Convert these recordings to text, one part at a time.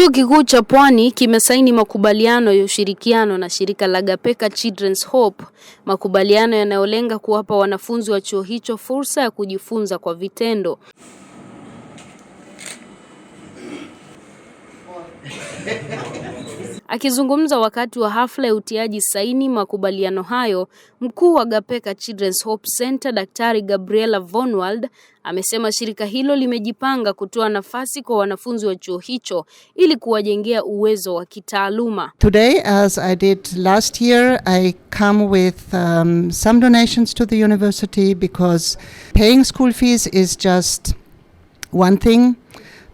Chuo Kikuu cha Pwani kimesaini makubaliano ya ushirikiano na shirika la Gapeka Children's Hope, makubaliano yanayolenga kuwapa wanafunzi wa chuo hicho fursa ya kujifunza kwa vitendo. Akizungumza wakati wa hafla ya utiaji saini makubaliano hayo, mkuu wa Gapeka Children's Hope Center Daktari Gabriela Vonwald amesema shirika hilo limejipanga kutoa nafasi kwa wanafunzi wa chuo hicho ili kuwajengea uwezo wa kitaaluma. Today as I did last year I come with um, some donations to the university because paying school fees is just one thing.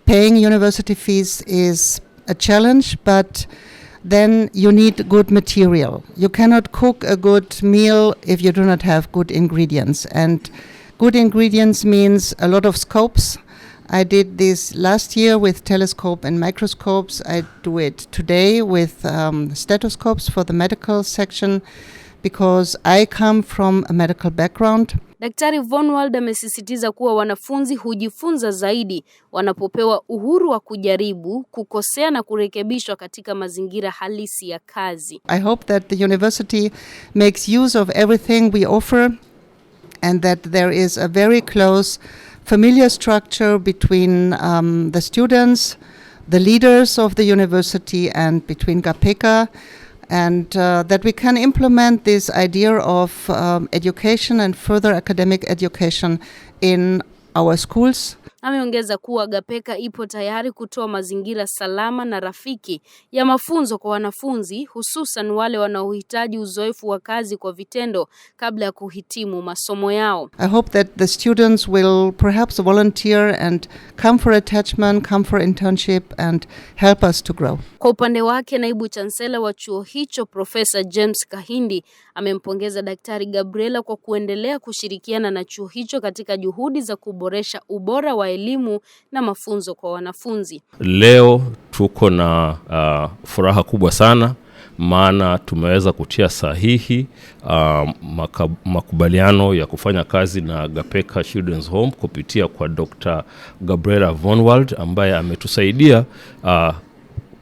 Paying university fees is a challenge but then you need good material. You cannot cook a good meal if you do not have good ingredients. And good ingredients means a lot of scopes. I did this last year with telescope and microscopes. I do it today with um, stethoscopes for the medical section because I come from a medical background. Daktari Von Wald amesisitiza kuwa wanafunzi hujifunza zaidi wanapopewa uhuru wa kujaribu, kukosea na kurekebishwa katika mazingira halisi ya kazi. I hope that the university makes use of everything we offer and that there is a very close familiar structure between um, the students, the leaders of the university and between GAPEKA and uh, that we can implement this idea of um, education and further academic education in our schools Ameongeza kuwa Gapeka ipo tayari kutoa mazingira salama na rafiki ya mafunzo kwa wanafunzi hususan wale wanaohitaji uzoefu wa kazi kwa vitendo kabla ya kuhitimu masomo yao. I hope that the students will perhaps volunteer and come for attachment, come for internship and help us to grow. Kwa upande wake, naibu chansela wa chuo hicho Profesa James Kahindi amempongeza Daktari Gabriela kwa kuendelea kushirikiana na chuo hicho katika juhudi za kuboresha ubora wa elimu na mafunzo kwa wanafunzi. Leo tuko na uh, furaha kubwa sana maana tumeweza kutia sahihi uh, maka, makubaliano ya kufanya kazi na Gapeka Children's Home kupitia kwa Dr. Gabriela Vonwald ambaye ametusaidia uh,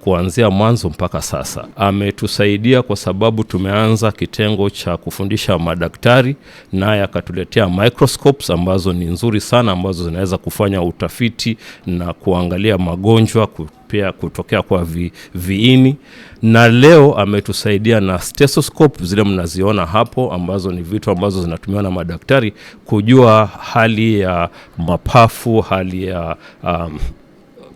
kuanzia mwanzo mpaka sasa. Ametusaidia kwa sababu tumeanza kitengo cha kufundisha madaktari, naye akatuletea microscopes ambazo ni nzuri sana, ambazo zinaweza kufanya utafiti na kuangalia magonjwa pia kutokea kwa vi, viini na leo ametusaidia na stethoscope zile mnaziona hapo, ambazo ni vitu ambazo zinatumiwa na madaktari kujua hali ya mapafu, hali ya um,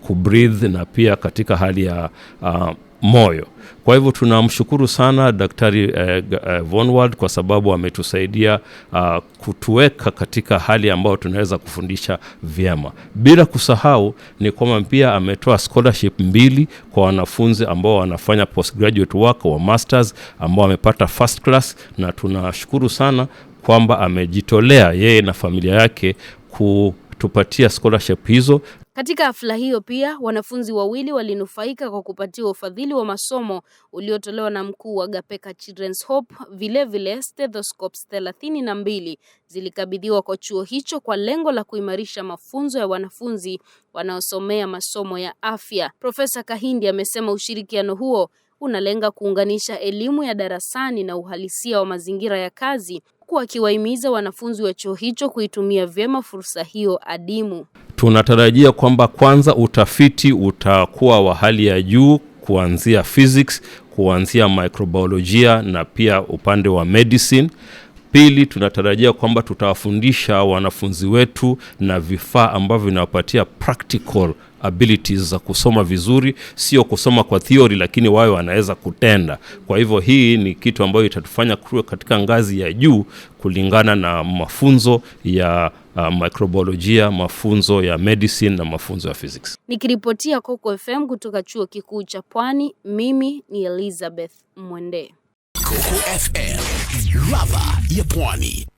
kubreathe na pia katika hali ya uh, moyo. Kwa hivyo tunamshukuru sana Daktari eh, eh Vonward kwa sababu ametusaidia uh, kutuweka katika hali ambayo tunaweza kufundisha vyema. Bila kusahau ni kwamba pia ametoa scholarship mbili kwa wanafunzi ambao wanafanya postgraduate work wa masters ambao wamepata first class, na tunashukuru sana kwamba amejitolea yeye na familia yake ku tupatia scholarship hizo katika hafla hiyo pia wanafunzi wawili walinufaika kwa kupatiwa ufadhili wa masomo uliotolewa na mkuu wa Gapeka Children's Hope. Vilevile stethoscopes thelathini na mbili zilikabidhiwa kwa chuo hicho kwa lengo la kuimarisha mafunzo ya wanafunzi wanaosomea masomo ya afya. Profesa Kahindi amesema ushirikiano huo unalenga kuunganisha elimu ya darasani na uhalisia wa mazingira ya kazi huku akiwahimiza wanafunzi wa chuo hicho kuitumia vyema fursa hiyo adimu. Tunatarajia kwamba kwanza utafiti utakuwa wa hali ya juu kuanzia physics, kuanzia microbiolojia na pia upande wa medicine. Pili, tunatarajia kwamba tutawafundisha wanafunzi wetu na vifaa ambavyo vinawapatia practical abilities za kusoma vizuri, sio kusoma kwa theory, lakini wawe wanaweza kutenda. Kwa hivyo hii ni kitu ambayo itatufanya kuwa katika ngazi ya juu kulingana na mafunzo ya uh, microbiolojia, mafunzo ya medicine na mafunzo ya physics. Nikiripotia Coco FM kutoka Chuo Kikuu cha Pwani, mimi ni Elizabeth Mwende. FM, ladha Yapwani.